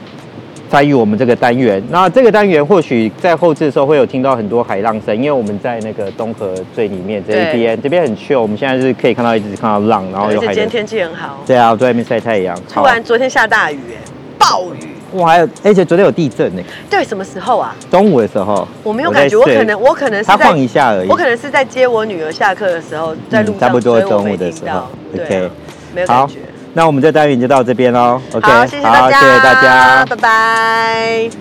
S1: 參與我們這個單元，那這個單元或許在後製的時候會有聽到很多海浪聲，因為我們在那個東河最裡面這邊，這邊很秀。我們現在是可以看到一直看到浪，然後而且今天
S2: 天氣很好。
S1: 對啊，我在外面曬太陽。突然
S2: 昨天下大雨，
S1: 暴雨。哇，還有，而且昨天有地震呢。
S2: 對，什麼時候啊？
S1: 中午的時候。我沒有感覺，我可能我可能他晃一下而已。我可能
S2: 是在接我女兒下課的時候
S1: 在路上，差不多中午的時候，對，沒有感覺。那我們這單元就到這邊嘍、哦。好 OK 好謝謝大家，拜
S2: 拜。